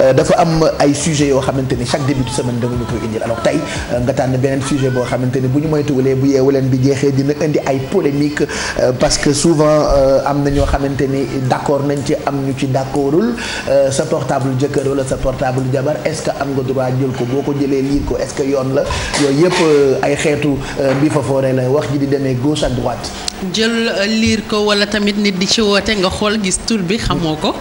Euh, dafa am ay sujet yoo xamante ni chaque début de semaine da nga ñu koy indil alors tey euh, nga tànn beneen sujet boo xamante ni bu ñu moytuwulee bu yeewu leen bi jeexee dina indi ay polémique euh, parce que souvent am na ñoo xamante ni d'accord nañ ci am ñu ci d'accordul sa portable jëkkër wala sa portable jabar est-ce que am nga droit jël ko boo ko jëlee liir ko est-ce que yoon la yooyu yëpp ay xeetu bi fa fooree la wax ji di demee gauche à droite jël euh, liir ko wala tamit nit di ci woote nga xool gis tur bi xamoo ko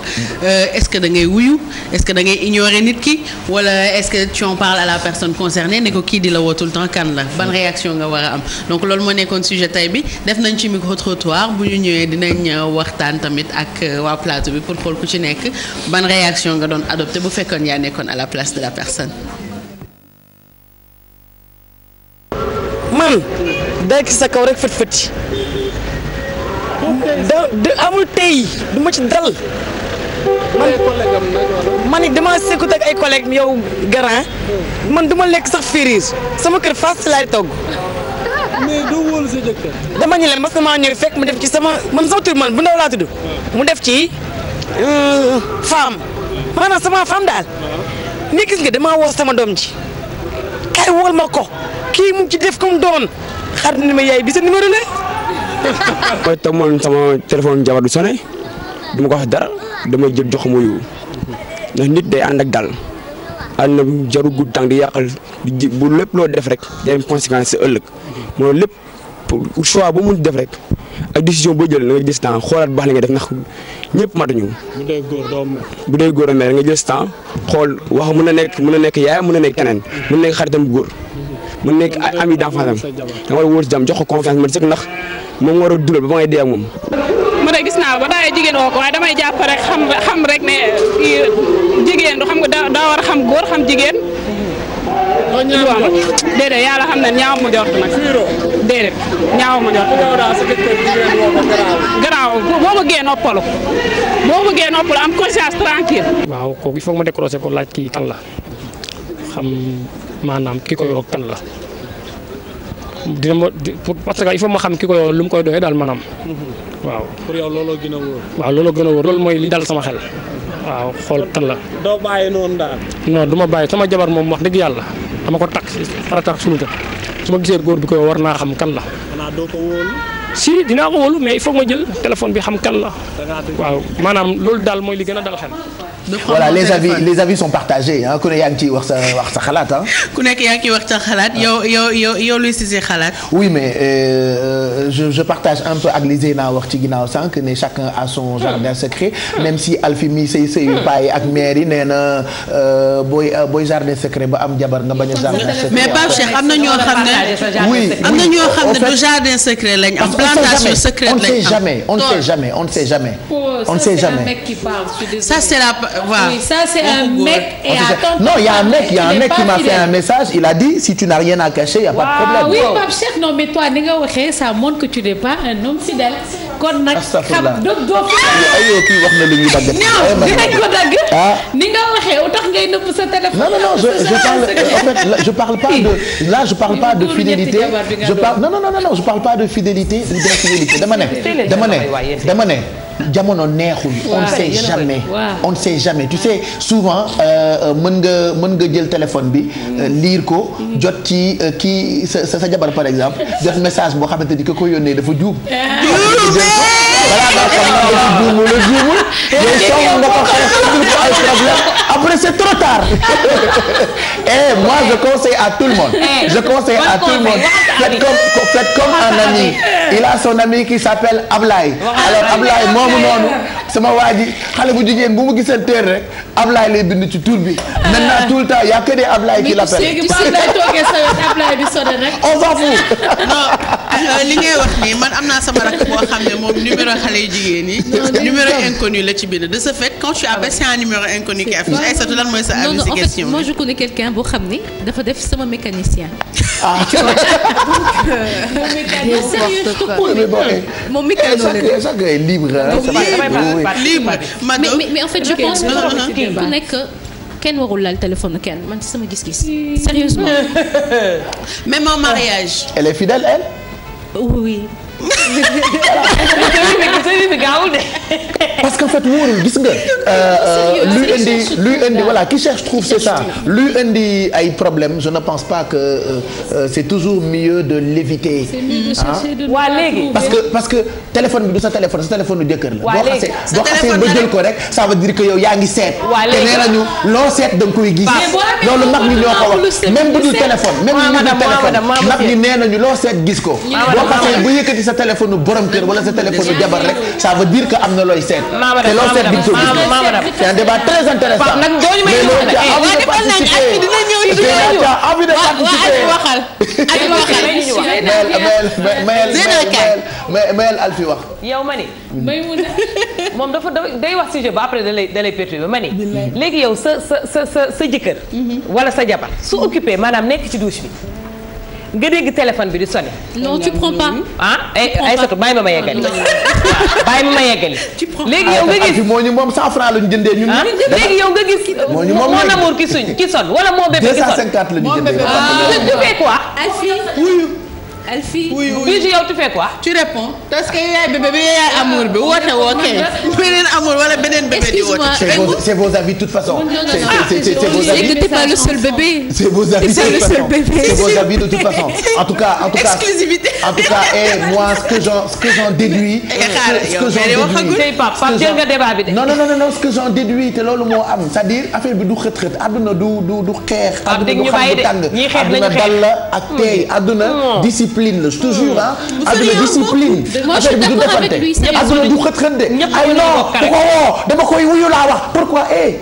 euh, est-ce que da ngay wuyu est-ce que da ngay ignorer nit ki wala est-ce que tu à la personne concernée ne ko kii di la woo tout le temps la ban réaction nga war a am donc loolu moo nekkoon sujet tey bi def nañ ci micro trottoir bu ñu ñëwee dinañ euh, waxtaan tamit ak waa plateau bi pour xool ku ci nekk ban réaction nga doon adopté bu fekkoon yaa nekkoon à la place de la personne. man da amul tey duma ci dal. man man it damaa sekkut ak ay collègues yow garant man du lekk sax firiir sama kër fas laay togg. dama ñu leen mas na maa ñëw fekk mu def ci sama man sama tur man bu ndaw laa tudd. mu def ci euh, femme maanaam sama femme daal. mais nga damaa woo sama doom ji. kay wool ma ko kii mu ci def comme doon xar na ma yaay bi sa numéro la. mooy tam moom sama téléphone jabar du sone du ma ko wax dara damay jël jox muyu ndax nit day ànd ak dal ànd na jaru gudd tank di yàqal bu lépp loo def rek day am conséquence sa ëllëg mooy lépp choix bu mun def rek ak décision boo jël na nga gis temps xoolaat baax li nga def ndax ñëpp matuñu. bu dee góor doo bu dee góor a mer nga gis temps xool wax mun na nekk mun na nekk yaay mun na nekk keneen. mun na nekk xaritam góor. mun nekk ami d'enfance am. da nga war a wóor jàmm jox ko confiance man sëkk ndax. moom war a dugal ba may dee ak moom. man de gis naa ba daay jigéen woo ko waaye damay jàpp rek xam rek ne jigéen du xam daa daa war a xam góor xam jigéen. waaw déedéet yàlla xam na ñaaw ma jort nag déedéet ñaaw ma jort garaaw boo bëggee noppalu boo bëggee noppalu am conscience tranquille waaw kooku il faut ma décroché ko laaj kii kan la xam maanaam ki ko yor kan la dina ma parce que il faut ma xam ki ko yor lu mu koy doyee daal maanaam. waaw looloo gën a wóor. a wóor loolu mooy li sama xel. waaw xool kan la. doo bàyyi noonu daal. non du ma bàyyi sama jabar moom wax dëgg yàlla dama ko takk farataak suñu jot su ma gisee góor bi koy war naa xam kan la. si dinaa ko mais il ma jël téléphone bi xam kan la waaw loolu daal mooy li gën a dal xel. voilà les avis les avis sont partagés ah ku ne yaa ku nekk yaa ngi ciy wax sa xalaat yow yow yow yow luy si si xalaat. oui mais euh, euh, je je partage un peu ak li wax ci ginnaaw sànq ne chacun a son jardin secret même si alphimi say sëyu paay ak maire yi nee na euh, booy euh, booy jardin secret ba am jabar nga bañ jardin secret. mais Pape Cheikh na ñoo xam am na ñoo xam ne du jardin secret lañ am. plantation secrète lañ am on ne sait jamais on ne sait jamais on ne sait jamais. on ne sait jamais ça c'est la voilà. oui ça c'est oh, un mec et attends non il y a un mec il y a un mec qui m'a fait un message il a dit si tu n'as rien à cacher il y a pas de problème. waaw oui Pape Cheikh non mais toi ni nga waxee ça montre que tu n'es pas un homme fidèle. kon nag xam dog wax na ah. lu ñuy dagg non non non je parle pas de là je parle pas de fidélité je parle non non non non je parle pas de fidélité ou d'infidélité dama ne dama ne dama ne jamono neexul. on ne sait jamais on ne sait jamais tu sais souvent euh, euh, mën nga mën nga jël téléphone bi. Euh, liir ko jot ci kii sa jabar par exemple jot message boo xamante ni ko ko yónnee dafa juum. voilà xam nga dafa juumul juumul nga ko xeex ay problème après c'est trop tard et eh, moi je conseille à tout le monde. Eh, je conseille à tout le monde faites comme faites comme il a son ami sa s'appelle Ablaye alors Ablaye moomu noonu sama waa ji xale bu jigéen bu mu giseen teer rek Ablaye lay bind ci tur bi ah. maintenant tout le temps y a que des Ablaye qui l'appellent on s'en fout Euh, li ngay wax nii man am naa sama rakk boo xam ne moom numéro xale yu jigéen yi. numéro inconnu la ci bind de ce fait quand tu appelles c'est un numéro inconnu qui affiche ay satu lan mooy sa avis si question bi. non non en fait moi je connais quelqu'un boo xam ni dafa def sama mécanicien. ah tu vois donc. Euh, mécanicien sérieux je te promets. moom mécano la eh, chaque est libre libre mais mais en fait je pense que ku nekk. kenn warul laal téléphone kenn man ci sama gis-gis. sérieusement même en mariage. elle est fidèle elle. Oui. parce qu'en fait wóorul gis nga. Euh, euh, luy indi luy indi voilà qui cherche trouve c'est ça luy indi ay problème je ne pense pas que euh, euh c'est toujours mieux de l'éviter ah. waa léegi parce que que téléphone bi du sa téléphone sa téléphone du jëkkër la boo xasee boo ba dire que yaa ngi seet te nee nañu loo seet da koy gis loolu mag ñi ñoo ko wax téléphone même bu dul téléphone mag ñi nee loo seet gis ko boo xasee bu yëkkati sa téléphone borom kër wala sa téléphone jabar rek ça veut dire que am na looy seet. te loo seet di nga ko gis. c'est un débat très intéressant mais loolu ca envie de participer Zeyna ca envie de participer. Mayel Mayel Mayel Mayel Alfi wax. yow ma ni. Maymuna moom dafa day wax sujet ba après da lay da lay perturbé ma ni. léegi yow sa sa sa sa jëkkër. Mhm. wala sa jabar su occupé maanaam nekk ci douche bi. nga dégg téléphone bi di sonné. non ma ma yeggali. bàyyi ma ma yeggali. léegi yow nga gis moo ñu moom 100 francs lañu jëndee ñun. léegi yow nga gis. moo ñu moom moo namoor ki suñ ki son wala moo bébé ki son 250 lañu jëndee. ah quoi. Alfie. oui oui yow tu fais quoi. tu réponds parce que yaay bébé bi yaay amour bi woote woo kay. beneen amour wala beneen bébé di woote. c'est vos avis de toute façon. c'est vos avis t'es pas le seul bébé. c'est vos avis de toute façon. en tout cas en tout cas. exclusivité en tout cas et eh, moi ce que j'en ce que j'en déduis. Eh, ce que j'en déduis. Pape jël nga débat bi de. non non non non ce que j'en déduis te loolu moo am c'est-à-dire affaire bi du xët xët àdduna du du du xeex. àdduna du xam bu tàng àdduna dal la ak tey àdduna hmm. Hmm. discipline discipline la toujours ah. adduna discipline. affaire bi du defante adduna du xëtxënte. ay non ku ko woo oh, dama koy wuyu laa wax pourquoi eh.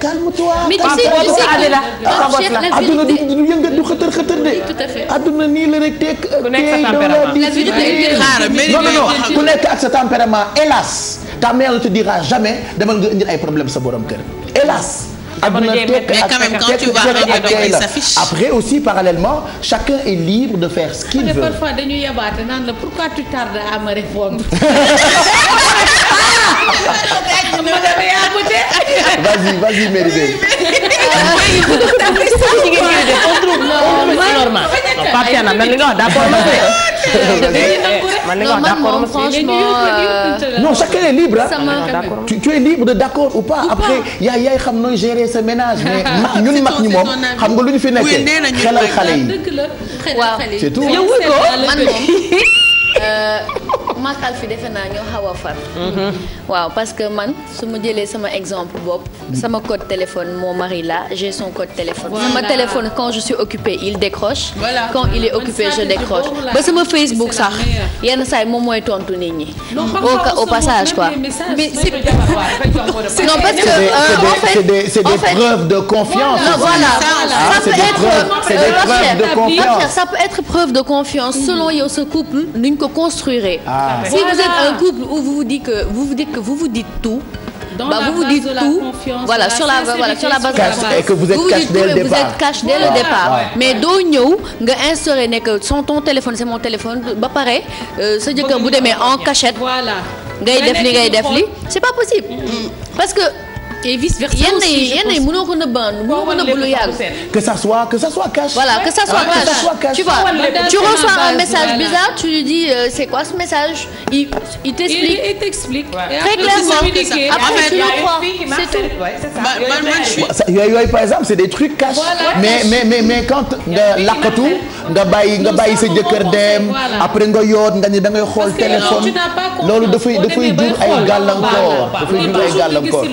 calme-toi mais tu sais tu sais la adduna du yëngat du xëtër xëtër de. tout à fait adduna nii la rek teg. ku nekk sa tempérament non non non ku nekk ak sa tempérament hélas. ta mère ne te dira jamais demal nga indil ay problème sa borom kër hélas. ak tekk ak tey la après aussi parallèlement chacun est libre de faire ce qu'il veut. parfois dañuy yabaate naan la pourquoi tu tardes à me répondre. Ah! vas-y vas man li nga wax d'accord ma man li nga wax d'accord ma non chacun est libre tu, tu es libre de d'accord ou pas après yaay yaay xam nooy gérer sa ménage mais mag ñun mag ñi moom xam nga lu ñu fi nekkee xelal xale yi waaw c'est tout yow ko man moom Euh, makal fi defe naa ñoo xaw a mm-hmm. waaw parce que man su ma jëlee sama exemple bopp. sama code téléphone mon mari là j'ai son code téléphone. voilà sama téléphone quand je suis occupée il décroche. quand il est occupé je décroche. ba sama Facebook sax yenn saa moom mooy tontu nit ñi. au au mais c'est non parce c'est euh, des c'est des preuves c'est des euh, preuves de confiance. ça peut être preuve de confiance selon yow sa couple construirez. Ah. Si voilà. vous êtes un couple où vous vous dites que vous vous dites que vous vous dites tout. Dans bah, la vous vous dites tout. Voilà, sur la voilà, sur la base de la base. Et que vous êtes vous cash dès le départ. Vous êtes cash dès le départ. Mais doo ñëw nga instauré ne que son ton téléphone c'est mon téléphone ba pare euh, sa jëkkër bu demee en cachette. Voilà. ngay def li ngay def li c'est pas possible. Parce que et vice versa yenn yi yenn yi mënoo ko nëbba mënoo ko nëbb lu yàgg. que ça soit que tu vois un message bizarre tu dis euh, c'est quoi ce message il t'explique il après tu le crois c'est tout. man man je yooyu yooyu par exemple c'est des trucs cash. mais mais mais mais quand nga laqatu nga bàyyi nga bàyyi sa jëkkër dem. après nga yoot nga ni da ngay xool téléphone. loolu dafay dafay jur ay gàllankoor dafay jur ay gàllankoor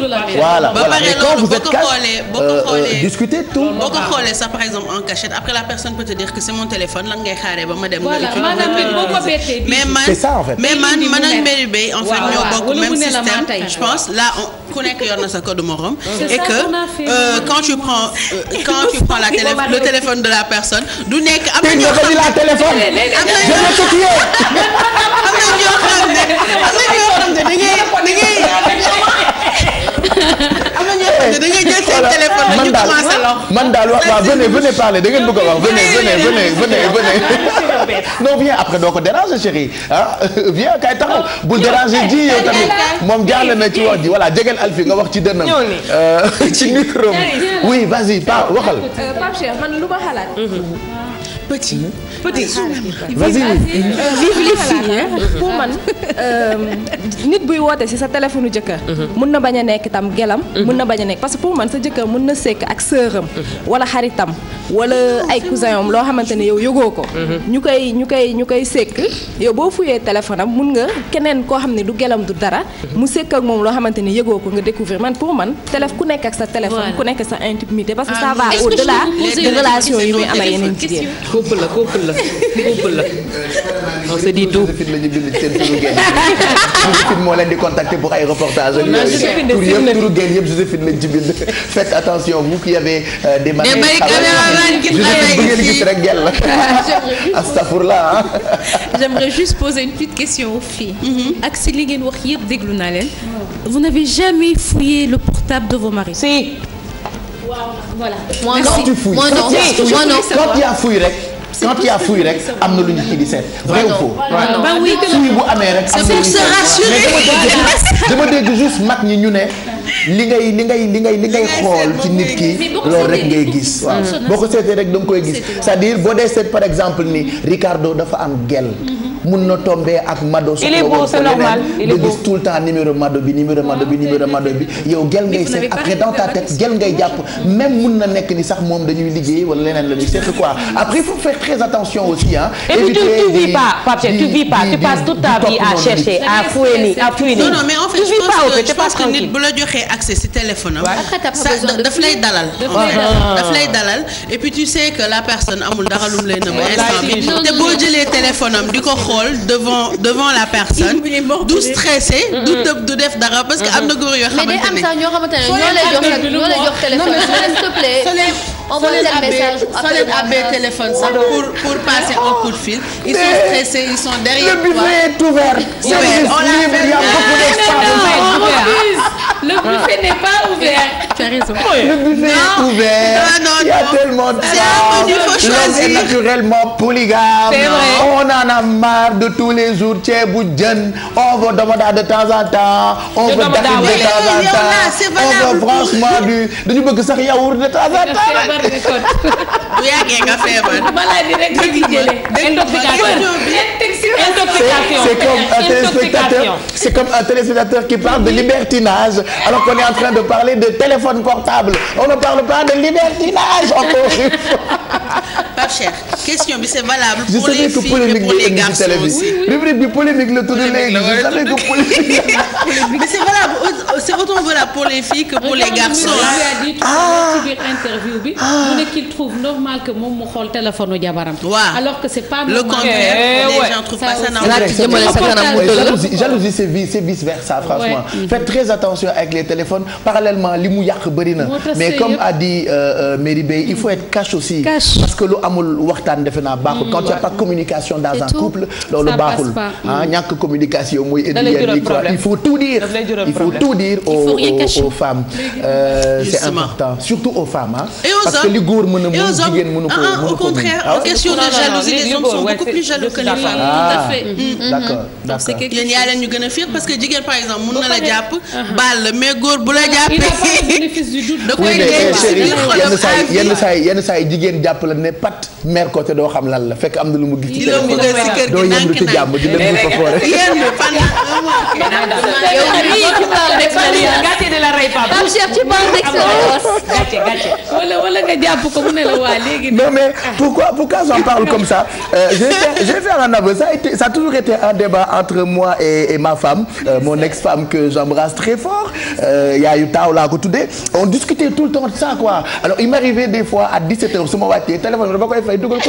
waaw. voilà voilà mais quand vous êtes quatre euh, euh, discutez tout. boo ko xoolee sax par exemple en cachette après la personne peut te dire que c'est mon téléphone lan ngay xaaree ba ma dem. voilà mais man c'est ça en fait. mais man man ak Mary Bey en fait ñoo bokk même système je pense là on ku nekk yor na sa code morom. et que euh, quand tu prends quand tu prends la téléphone de la personne du nekk am na ñoo xam ne am na ñoo xam ne da ngay da ngay man daal wax waaw venez venez parler da ngeen bëgg a wax venez venez venez venez venez non viens après doo ko déranger ah, viens kay taxaw bul déranger ji yow tamit moom jaarle na ci wax ji voilà jegeel Alfi nga wax ci dënnam euh, ci micro oui vas-y pa waxal euh, Pape Cheikh man lu ma xalaat mhm. petit. petit vas-y euh, pour man euh, nit buy woote si sa téléphone jëkkër. Mhm. mun na bañ a nekk tam gelam. Mhm. mun na bañ a nekk parce que pour man sa jëkkër mun na sekk ak sëram. Mhm. wala xaritam wala ay cousin am loo xamante ne yow yëgoo ko. ñu koy ñu koy ñu koy sekk yow boo fuyee téléphone am mun nga keneen koo xam ne du gelam du dara. mu sekk ak moom loo xamante ne yëgoo ko nga découvrir man pour man télé ku nekk ak sa téléphone. ku nekk sa intimité parce que ah, ça va au-delà yi muy am ak couple la couple la couple la. on se dit tout la ñu bind seen turu génn Joséphine moo leen di contacter pour ay reportages. ak yooyu tur yëpp turu génn yëpp Joséphine lañ ci bind. faites attention vous qui avez euh, des manières ngeen gis rek gel la astafurlah j'aimerais juste poser une petite question aux filles. Mhm. ak si li ngeen wax yëpp déglu naa leen. vous n'avez jamais fouillé le portable de vos maris. si. voilà. moi non yaa fuy rek. quand yaa fuuy rek am na lu ñu ci di seet. vrai ou bu amee rek. am na lu ñu se rassurer dama dégg juste mag ñi ñu ne. li ngay li ngay li ngay li ngay xool ci nit ki loolu rek ngay gis waaw boo ko seetee rek da koy gis c'est-à-dire boo dee seet par exemple ni Ricardo dafa am gel mm-hmm. mun na tombé ak Mado. il est beau c'est normal il est tout le temps numéro Mado bi numéro Mado bi numéro Mado bi yow gel ngay seet après dans gel ngay jàpp même mun na nekk ni sax moom dañuy liggéey wala leneen la ñuy seq quoi après il faut faire très attention aussi ah. éviter tu vis pas tu vis pas tu passes toute ta vie à chercher à fouiner à fouiner. non non mais en fait je nit bu la joxee accès si téléphone daf lay dalal. daf lay dalal et tu sais que xool devant la personne. du stressé. du mm-hmm. tëb du def dara parce que am na mm-hmm. góor yoo xamante ne. am sax ñoo xamante ne ñoo lay on va leen message soo leen abbee téléphone sax pour pour passer un coup de fil. ils sont stressés ils sont derrière toi. le buffet est ouvert. ouvert on l'a fermé non non le buffet n'est pas ouvert. tu as raison. le buffet est ouvert. il y a tellement de gens. l'homme est naturellement polygame. c'est vrai on en a marre de tous les jours ceebu jën on veut damada de temps en temps. on veut dafis de temps en temps on veut franchement du dañu bëgg sax yaourt de temps en temps. feebar nga kon. bu yàggee nga feebar. maladie rek nga di jëlee. intoxication intoxication c'est comme un téléspectateur c'est comme un téléspectateur qui parle de libertinage alors qu'on est en train de parler de téléphone portable on ne parle pas de libertinage encore une fois. question bi c'est valable. pour pour les garçons aussi. rubrique polémique la tudd léegi je mais c'est valable c'est autant valable pour les filles que pour les garçons. ah Ah. mu ne qu'il trouve normal que moom mu xool téléphone jabaram. waaw jalousie c'est vice c'est vice versa mm-hmm. faites très attention avec les téléphones parallèlement li mu yàq bëri na. mais comme a dit euh, euh, Mary Bey il faut être cash aussi. parce que lu amul waxtaan defe naa baaxul. Mm, quand il y a pas de communication dans un couple. loolu baaxul ah ñàkk communication mooy. il faut tout dire il faut tout dire aux femmes. Euh, c'est important surtout parce que li góor mën a mën jigéen mënu ko ah, mënu ko au contraire en ah, question de jalousie les hommes sont beaucoup plus jaloux que les femmes ah. tout à fait mm, mm, mm. d'accord d'accord yéen yaa leen ñu gën a fiir parce que jigéen par exemple mën na la jàpp baal la mais góor bu la jàppee da koy denc si biir xolam yenn saa yi yenn saa yi jigéen jàpp la ne pat mer ko te doo xam lan la fekk am na lu mu gis ci téléphone doo yëndu ci jàmm di leen fa foore yow ci parle d'expérience gàcce de la rey papa ci parle d'expérience gàcce gàcce wala wala nga jàpp ko mu ne la waa léegi. non mais pourquoi pourquoi j'en parle comme ça euh, je vais faire, je vais a été ça a toujours été un débat entre moi et ma femme euh, mon ex-femme que j'embrasse très fort yaayu taaw laa ko tuddee on discutait tout le temps de ça quoi alors il m'arrivait des fois à 17h su ma wàccee téléphone dama koy fay dugal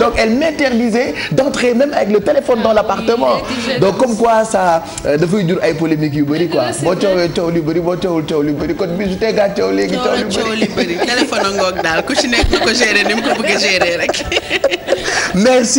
donc elle m'interdisait d'entrer même avec le téléphone dans l'appartement donc comme quoi ça euh, dafay jur ay polémiques yu bëri quoi boo coowee boo teewul teew li bëri kon bisu teegaat teew léegi. teew li bëri teew li bëri téléphone ngoog daal ku ci nekk nga ko gérer ni mu ko bëgg a gérer rek. merci.